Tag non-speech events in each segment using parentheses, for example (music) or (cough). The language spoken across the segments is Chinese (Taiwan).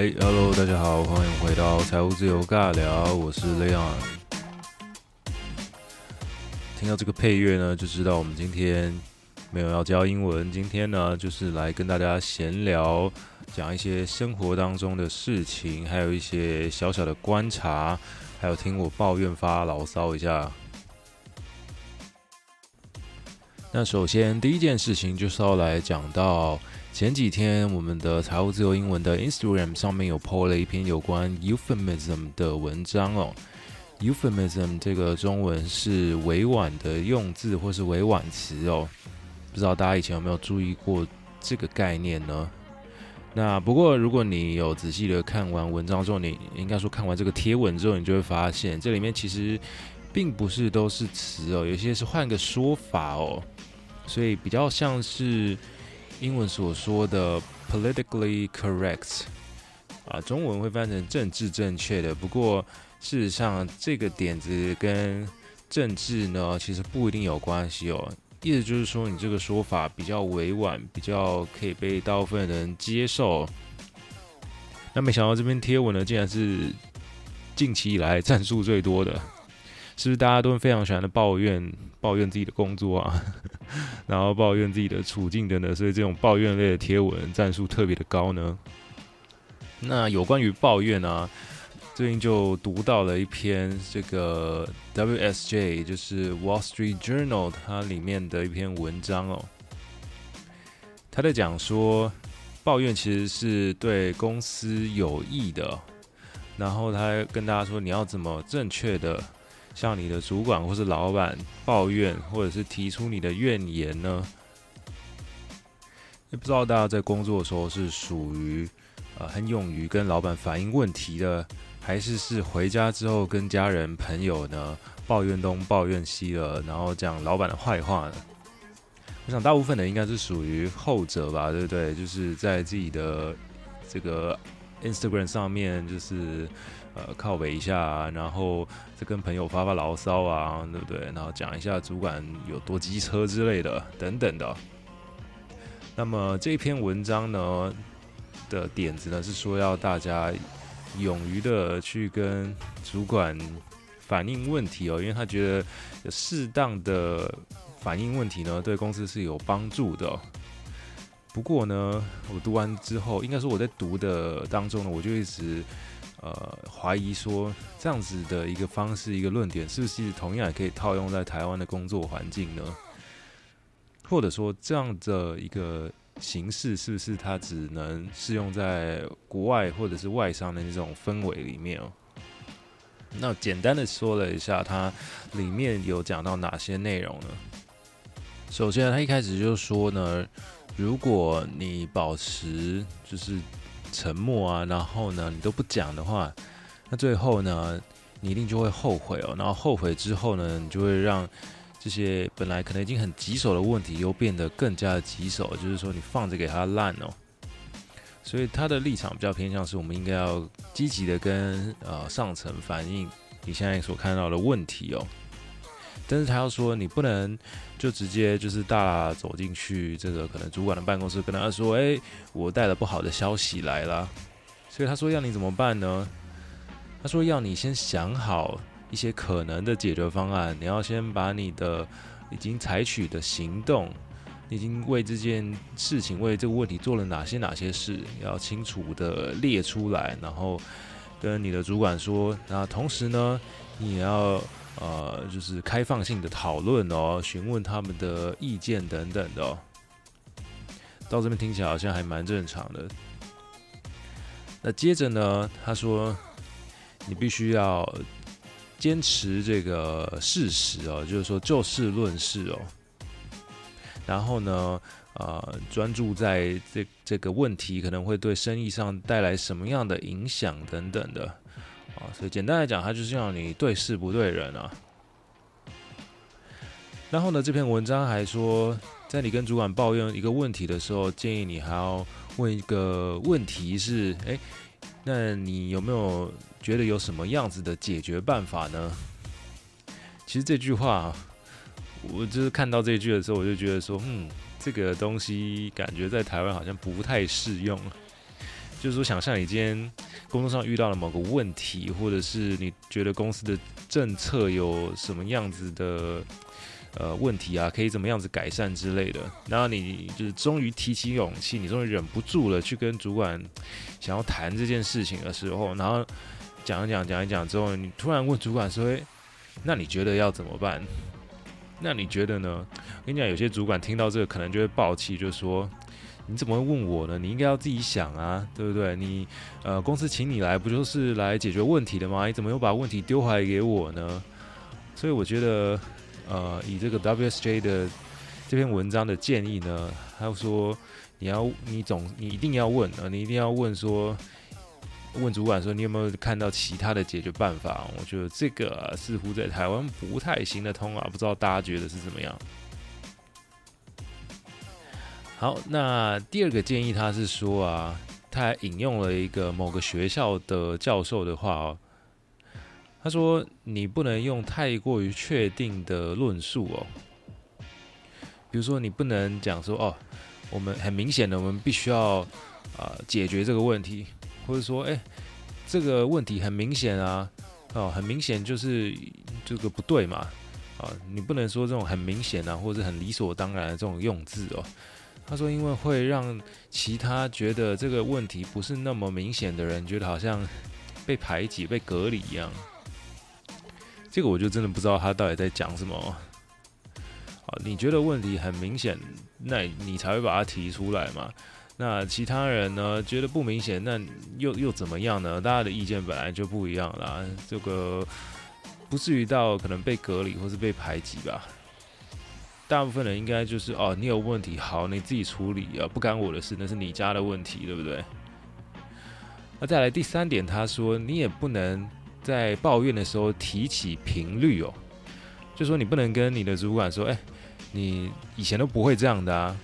Hey, Hello, 大家好，歡迎回到財務自由尬聊，我是 Leon。聽到這個配樂呢，就知道我們今天沒有要教英文，今天呢就是來跟大家閒聊，講一些生活當中的事情，還有一些小小的觀察，還有聽我抱怨發牢騷一下。那首先，第一件事情就是要來講到前幾天我們的財務自由英文的 Instagram 上面有 po 了一篇有關 euphemism 的文章哦，euphemism 這個中文是委婉的用字或是委婉詞哦，不知道大家以前有沒有注意過這個概念呢？那不過如果你有仔細的看完文章之後，你應該說看完這個貼文之後，你就會發現這裡面其實並不是都是詞哦，有些是換個說法哦。所以比較像是英文所說的 politically correct，啊，中文會翻成政治正確的。不過事實上，這個點子跟政治呢，其實不一定有關係哦。意思就是說，你這個說法比較委婉，比較可以被大部分人接受。那沒想到這篇貼文呢，竟然是近期以來讚數最多的是不是？大家都非常喜歡的抱怨，抱怨自己的工作啊。然後抱怨自己的處境等等，所以這種抱怨類的貼文讚數特別的高呢。那有關於抱怨呢、啊，最近就讀到了一篇這個 WSJ，就是 Wall Street Journal 它裡面的一篇文章哦。他在講說，抱怨其實是對公司有益的。然後他還跟大家說，你要怎麼正確的。向你的主管或是老闆抱怨，或者是提出你的怨言呢？也不知道大家在工作的時候是屬於呃很勇於跟老闆反映問題的，還是是回家之後跟家人朋友呢抱怨東抱怨西了，然後講老闆的壞話呢？我想大部分的應該是屬於後者吧，對不對？就是在自己的這個 Instagram 上面，就是。呃，靠北一下啊，然後再跟朋友發發牢騷啊，對不對？然後講一下主管有多機車之類的，等等的。那麼這篇文章呢的點子呢，是說要大家勇於的去跟主管反映問題哦，因為他覺得適當的反映問題呢，對公司是有幫助的。不過呢，我讀完之後，應該說我在讀的當中呢，我就一直。呃，懷疑說這樣子的一個方式、一個論點，是不是同樣也可以套用在台灣的工作環境呢？或者說，這樣的一個形式，是不是它只能適用在國外或者是外商的那種氛圍裡面？喔，那簡單的說了一下，它裡面有講到哪些內容呢？首先，他一開始就說呢，如果你保持就是。沉默啊，然後呢，你都不講的話，那最後呢，你一定就會後悔哦。然後後悔之後呢，你就會讓這些本來可能已經很棘手的問題，又變得更加的棘手。就是說，你放着給它爛哦。所以他的立場比較偏向是，我們應該要積極的跟呃上層反映你現在所看到的問題哦。但是他要說，你不能就直接就是大走進去這個可能主管的辦公室跟他說，誒、欸，我帶了不好的消息來了。所以他說要你怎麼辦呢？他說要你先想好一些可能的解決方案。你要先把你的已經採取的行動，你已經為這件事情為這個問題做了哪些哪些事，要清楚的列出來，然後跟你的主管說。那同時呢，你也要，呃，就是開放性的討論哦，詢問他們的意見等等的哦。到這邊聽起來好像還蠻正常的。那接着呢，他說你必須要堅持這個事實哦，就是說就事論事哦。然後呢，呃，專注在這這個問題可能會對生意上帶來什麼樣的影響等等的。啊，所以簡單來講，他就是要你對事不對人啊。然後呢，這篇文章還說，在你跟主管抱怨一個問題的時候，建議你還要問一個問題是：哎、欸，那你有沒有覺得有什麼樣子的解決辦法呢？其實這句話，我就是看到這句的時候，我就覺得說，嗯，這個東西感覺在台灣好像不太適用。就是說，想象你今天工作上遇到了某個問題，或者是你覺得公司的政策有什麼樣子的呃問題啊，可以怎麼樣子改善之類的。然後你就是終於提起勇氣，你終於忍不住了，去跟主管想要談這件事情的時候，然後講一講，講一講之後，你突然問主管說、欸：“那你覺得要怎麼辦？那你覺得呢？”我跟你講，有些主管聽到這個，可能就會爆氣，就是說。你怎麼會問我呢？你應該要自己想啊，對不對？你，呃，公司請你來不就是來解決問題的嗎？你怎麼又把問題丟回來給我呢？所以我覺得，呃，以這個 WSJ 的這篇文章的建議呢，他說你要你總你一定要問啊、呃，你一定要問說，問主管說你有沒有看到其他的解決辦法？我覺得這個、啊、似乎在台灣不太行得通啊，不知道大家覺得是怎麼樣？好，那第二個建議，他是說啊，他還引用了一個某個學校的教授的話哦，他說你不能用太過於確定的論述哦，比如說你不能講說哦，我們很明顯的，我們必須要啊、呃、解決這個問題，或者說誒、欸，這個問題很明顯啊，哦，很明顯就是這個不對嘛，啊，你不能說這種很明顯啊，或者很理所當然的這種用字哦。他說：“因為會讓其他覺得這個問題不是那麼明顯的人，覺得好像被排擠、被隔離一樣。這個我就真的不知道他到底在講什麼。好，你覺得問題很明顯，那你才會把它提出來嘛。那其他人呢，覺得不明顯，那又又怎麼樣呢？大家的意見本來就不一樣啦、啊，這個不至於到可能被隔離或是被排擠吧。”大部分人應該就是哦，你有問題，好，你自己處理啊、哦，不干我的事，那是你家的問題，對不對？那再來第三點，他說你也不能在抱怨的時候提起頻率哦，就說你不能跟你的主管說，哎、欸，你以前都不會這樣的啊，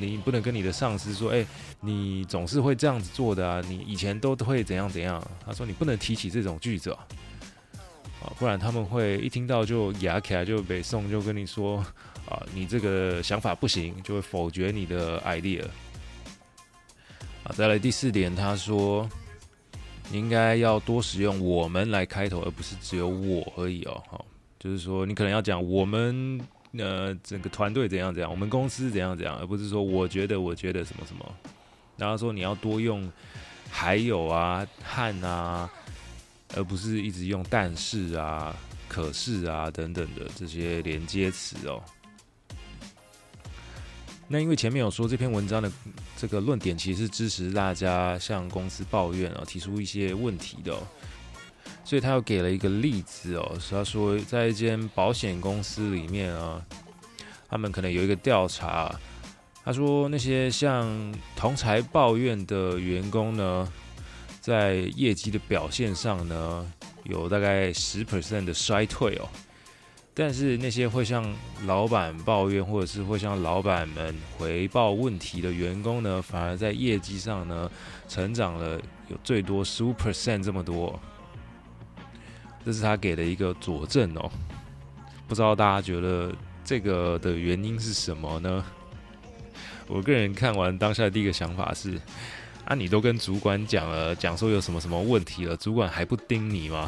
你不能跟你的上司說，哎、欸，你總是會這樣子做的啊，你以前都會怎樣怎樣。他說你不能提起這種句子、哦，啊、哦，不然他們會一聽到就牙起來就背誦就跟你說。啊，你這個想法不行，就會否決你的 idea。啊，再來第四點，他說你應該要多使用我們來開頭，而不是只有我而已哦。好，就是說你可能要講我們呃整個團隊怎樣怎樣，我們公司怎樣怎樣，而不是說我覺得我覺得什麼什麼。然後他說你要多用還有啊、和啊，而不是一直用但是啊、可是啊等等的這些連接詞哦、喔。那因為前面有說這篇文章的這個論點其實是支持大家向公司抱怨啊，提出一些問題的、喔，所以他又給了一個例子哦、喔，是他說在一間保險公司裡面啊，他們可能有一個調查、啊，他說那些向同儕抱怨的員工呢，在業績的表現上呢，有大概十 percent 的衰退哦、喔。但是那些會向老闆抱怨，或者是會向老闆們回報問題的員工呢，反而在業績上呢，成長了有最多十五 percent 這麼多，這是他給的一個佐證喔。不知道大家覺得這個的原因是什麼呢？我個人看完當下的第一個想法是，啊，你都跟主管講了，講說有什麼什麼問題了，主管還不盯你嗎？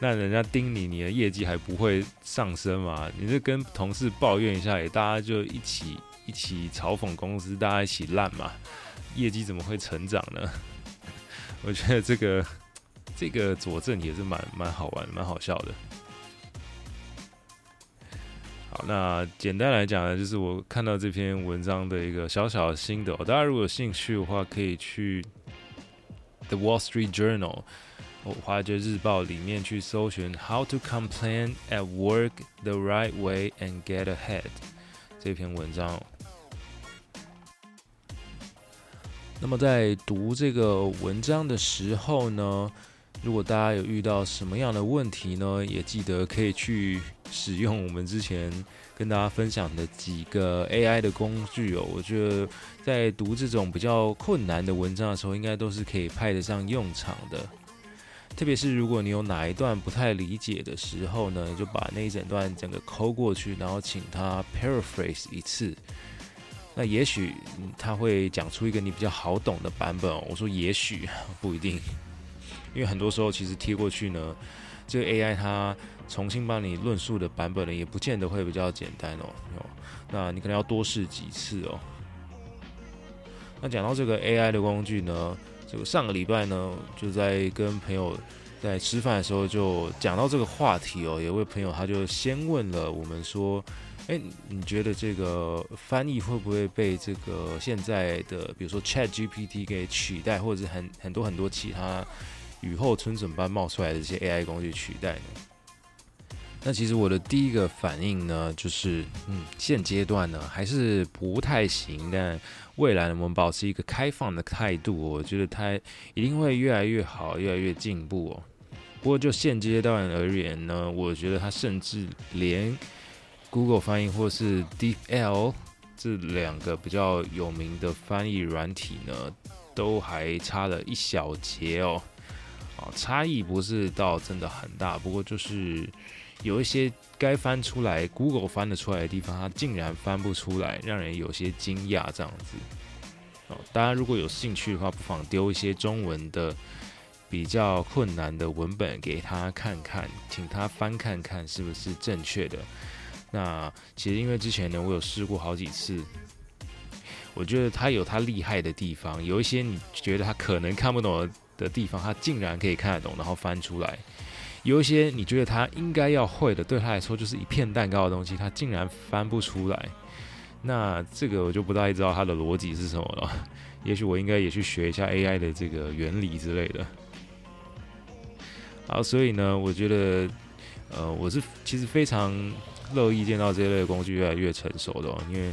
那人家盯你，你的業績還不會上升嘛？你就跟同事抱怨一下，也大家就一起一起嘲諷公司，大家一起爛嘛？業績怎麼會成長呢？我覺得這個這個佐證也是蠻蠻好玩、蠻好笑的。好，那簡單來講呢，就是我看到這篇文章的一個小小心得哦。大家如果有興趣的話，可以去《The Wall Street Journal》。我華爾街日報裡面去搜尋《How to Complain at Work the Right Way and Get Ahead》這篇文章哦。哦。那麼在讀這個文章的時候呢，如果大家有遇到什麼樣的問題呢，也記得可以去使用我們之前跟大家分享的幾個 AI 的工具哦。我覺得在讀這種比較困難的文章的時候，應該都是可以派得上用場的。特別是如果你有哪一段不太理解的時候呢，你就把那一整段整個摳過去，然後請他 paraphrase 一次，那也許他會講出一個你比較好懂的版本哦。我說也許不一定，因為很多時候其實貼過去呢，這個 AI 它重新幫你論述的版本呢，也不見得會比較簡單哦。那你可能要多試幾次哦。那講到這個 AI 的工具呢，就上個禮拜呢，就在跟朋友在吃飯的時候，就講到這個話題哦、喔。有位朋友他就先問了我們說：“哎、欸，你覺得這個翻譯會不會被這個現在的，比如說 Chat GPT 給取代，或者是很很多很多其他雨後春筍般冒出來的一些 AI 工具取代呢？”那其實我的第一個反應呢，就是嗯，現階段呢還是不太行，但未來我們保持一個開放的態度，我覺得它一定會越來越好，越來越進步哦。不過就現階段而言呢，我覺得它甚至連 Google 翻譯或是 DeepL 這兩個比較有名的翻譯軟體呢，都還差了一小截哦。哦，差異不是到真的很大，不過就是。有一些該翻出來，Google 翻得出來的地方，它竟然翻不出來，讓人有些驚訝。這樣子哦，大家如果有興趣的話，不妨丟一些中文的比較困難的文本給他看看，請他翻看看是不是正確的。那其實因為之前呢，我有試過好幾次，我覺得他有他厲害的地方，有一些你覺得他可能看不懂的地方，他竟然可以看得懂，然後翻出來。有一些你覺得他應該要會的，對他來說就是一片蛋糕的東西，他竟然翻不出來，那這個我就不太知道他的邏輯是什麼了。也許我應該也去學一下 AI 的這個原理之類的。好，所以呢，我覺得，呃，我是其實非常樂意見到這一類工具越來越成熟的，因為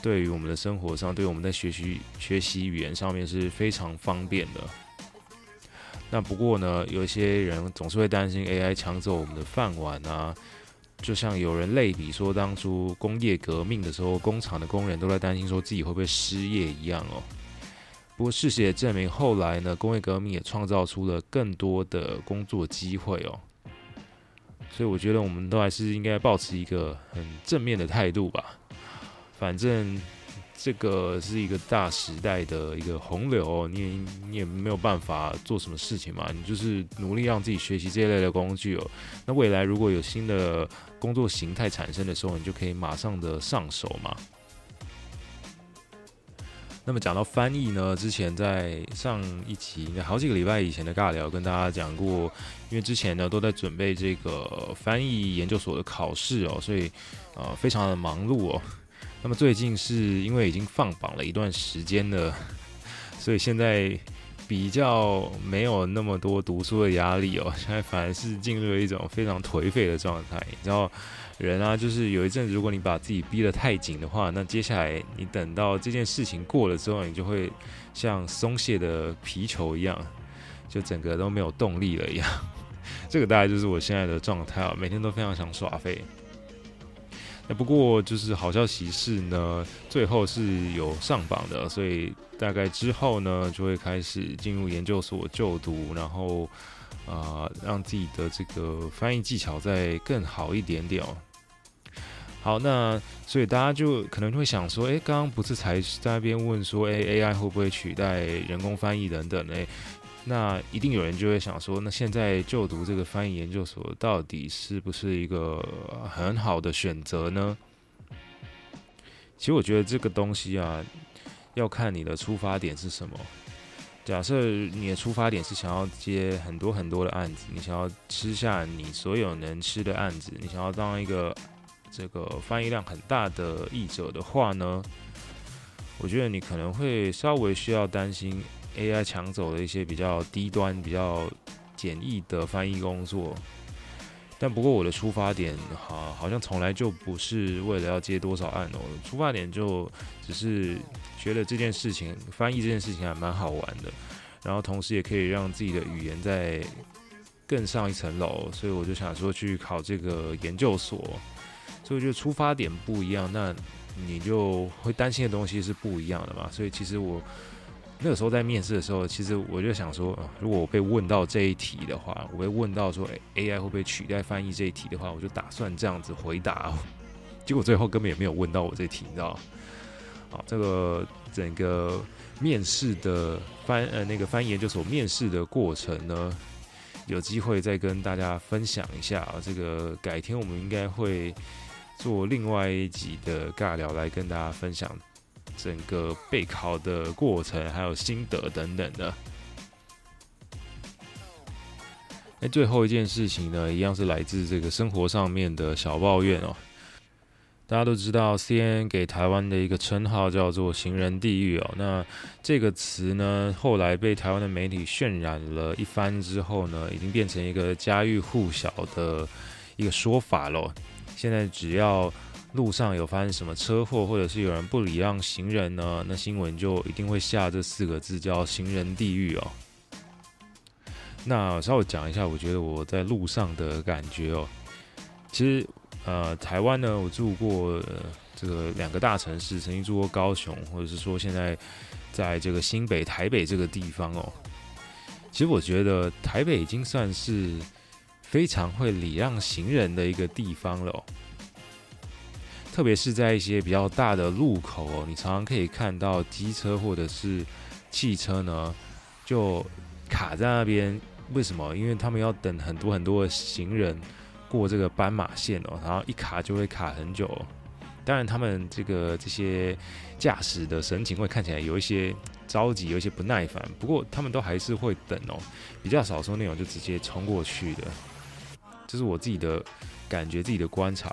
對於我們的生活上，對於我們在學習學習語言上面是非常方便的。那不過呢，有一些人總是會擔心 AI 搶走我們的飯碗啊，就像有人類比說當初工業革命的時候，工廠的工人都在擔心說自己會不會失業一樣哦。不過事實也證明，後來呢，工業革命也創造出了更多的工作機會哦。所以我覺得我們都還是應該保持一個很正面的態度吧，反正。這個是一個大時代的一個洪流哦，你也你也沒有辦法做什麼事情嘛，你就是努力讓自己學習這一類的工具哦。那未來如果有新的工作形態產生的時候，你就可以馬上的上手嘛。那麼講到翻譯呢，之前在上一集，應該好幾個禮拜以前的尬聊跟大家講過，因為之前呢都在準備這個翻譯研究所的考試哦，所以呃非常的忙碌哦。那麼最近是因為已經放榜了一段時間了，所以現在比較沒有那麼多讀書的壓力哦。現在反而是進入了一種非常頹廢的狀態。然後人啊，就是有一陣子如果你把自己逼得太緊的話，那接下來你等到這件事情過了之後，你就會像鬆懈的皮球一樣，就整個都沒有動力了一樣。這個大概就是我現在的狀態啊，每天都非常想耍廢。那不過就是好消息是呢，最後是有上榜的，所以大概之後呢就會開始進入研究所就讀，然後啊、呃，讓自己的這個翻譯技巧再更好一點點哦。好，那所以大家就可能會想說，誒、欸，剛剛不是才在那邊問說，哎、欸、AI 會不會取代人工翻譯等等誒、欸……那一定有人就會想說，那現在就讀這個翻譯研究所，到底是不是一個很好的選擇呢？其實我覺得這個東西啊，要看你的出發點是什麼。假設你的出發點是想要接很多很多的案子，你想要吃下你所有能吃的案子，你想要當一個這個翻譯量很大的譯者的話呢，我覺得你可能會稍微需要擔心。AI 搶走了一些比較低端、比較簡易的翻譯工作，但不過我的出發點好，好像從來就不是為了要接多少案哦，出發點就只是覺得這件事情翻譯這件事情還蠻好玩的，然後同時也可以讓自己的語言再更上一層樓，所以我就想說去考這個研究所，所以我覺得出發點不一樣，那你就會擔心的東西是不一樣的嘛，所以其實我。那個時候在面試的時候，其實我就想說，如果我被問到這一題的話，我被問到說，AI 會不會取代翻譯這一題的話，我就打算這樣子回答。結果最後根本也沒有問到我這題，你知道。好，這個整個面試的翻呃那個翻譯研究所面試的過程呢，有機會再跟大家分享一下啊。這個改天我們應該會做另外一集的尬聊來跟大家分享。整個備考的過程，還有心得等等的。那、欸、最後一件事情呢，一樣是來自這個生活上面的小抱怨哦。大家都知道，CNN 給台灣的一個稱號叫做“行人地獄”哦。那這個詞呢，後來被台灣的媒體渲染了一番之後呢，已經變成一個家喻戶曉的一個說法嘍。現在只要。路上有發生什麼車禍，或者是有人不禮讓行人呢，那新聞就一定會下這四個字，叫“行人地獄”哦。那稍微講一下，我覺得我在路上的感覺哦。其實，呃，台灣呢，我住過，呃，這個兩個大城市，曾經住過高雄，或者是說現在在這個新北、台北這個地方哦。其實我覺得台北已經算是非常會禮讓行人的一個地方了哦。特別是在一些比較大的路口哦，你常常可以看到機車或者是汽車呢，就卡在那邊。為什麼？因為他們要等很多很多的行人過這個斑馬線哦，然後一卡就會卡很久。當然，他們這個這些駕駛的神情會看起來有一些着急，有一些不耐煩。不過他們都還是會等哦，比較少說那種就直接衝過去的。這是我自己的。感覺自己的觀察，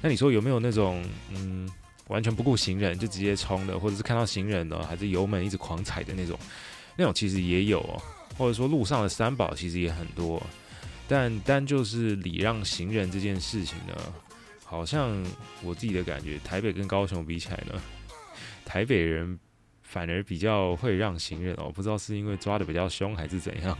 那你說有沒有那種，嗯，完全不顧行人就直接衝的，或者是看到行人呢，還是油門一直狂踩的那種？那種其實也有哦，或者說路上的三寶其實也很多。但單就是禮讓行人這件事情呢，好像我自己的感覺，台北跟高雄比起來呢，台北人反而比較會讓行人哦，不知道是因為抓得比較兇還是怎樣。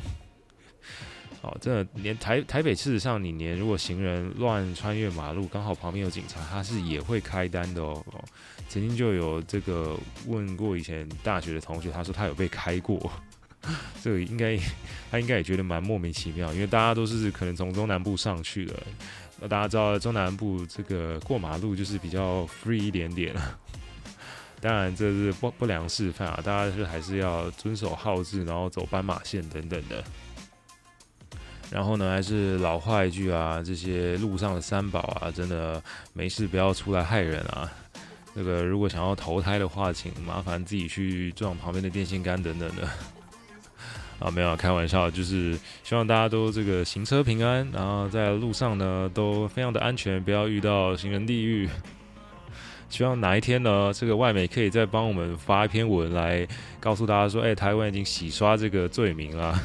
哦，這連台台北事實上，你連如果行人亂穿越馬路，剛好旁邊有警察，他是也會開單的哦，哦。曾經就有這個問過以前大學的同學，他說他有被開過。這 (laughs) 個應該他應該也覺得蠻莫名其妙，因為大家都是可能從中南部上去了，那大家知道中南部這個過馬路就是比較 free 一點點。當然這是不不良示範啊，大家是還是要遵守號誌，然後走斑馬線等等的。然後呢，還是老話一句啊，這些路上的三寶啊，真的沒事不要出來害人啊。那、這個如果想要投胎的話，請麻煩自己去撞旁邊的電線桿等等的。啊，沒有開玩笑，就是希望大家都這個行車平安，然後在路上呢都非常的安全，不要遇到行人地獄。希望哪一天呢，這個外媒可以再幫我們發一篇文來告訴大家說，哎，台灣已經洗刷這個罪名了。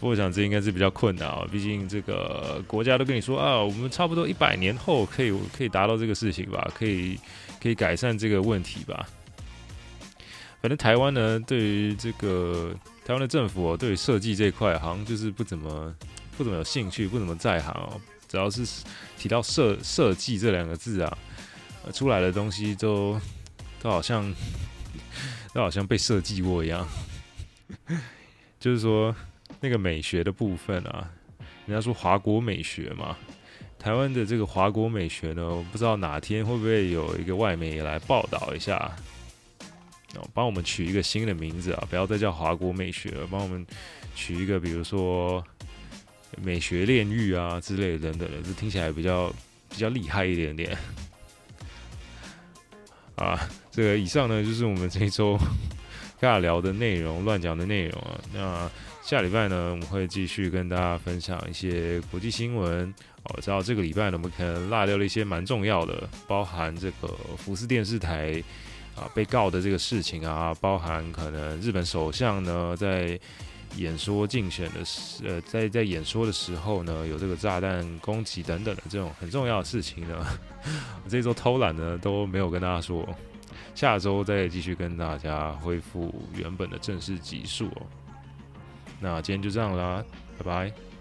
我想這應該是比較困難啊、喔，畢竟這個國家都跟你說啊，我們差不多一百年後可以可以達到這個事情吧，可以可以改善這個問題吧。反正台灣呢，對於這個台灣的政府、喔、對於設計這一塊，好像就是不怎麼不怎麼有興趣，不怎麼在行哦、喔。只要是提到設設計這兩個字啊，出來的東西都都好像都好像被設計過一樣，就是說。那個美學的部分啊，人家說華國美學嘛，台灣的這個華國美學呢，我不知道哪天會不會有一個外媒來報道一下，幫、哦、幫我們取一個新的名字啊，不要再叫華國美學了，幫我們取一個，比如說美學煉獄啊之類的等等的，這聽起來比較比較厲害一點點。啊，這個以上呢就是我們這一周尬 (laughs) 聊的內容，亂講的內容啊，那。下禮拜呢，我們會繼續跟大家分享一些國際新聞。哦，我知道這個禮拜呢，我們可能落掉了一些蠻重要的，包含這個福斯電視台啊被告的這個事情啊，包含可能日本首相呢在演說競選的時呃在在演說的時候呢有這個炸彈攻擊等等的這種很重要的事情呢，這周偷懶呢都沒有跟大家說，下周再繼續跟大家恢復原本的正式集數哦。那今天就這樣啦，拜拜。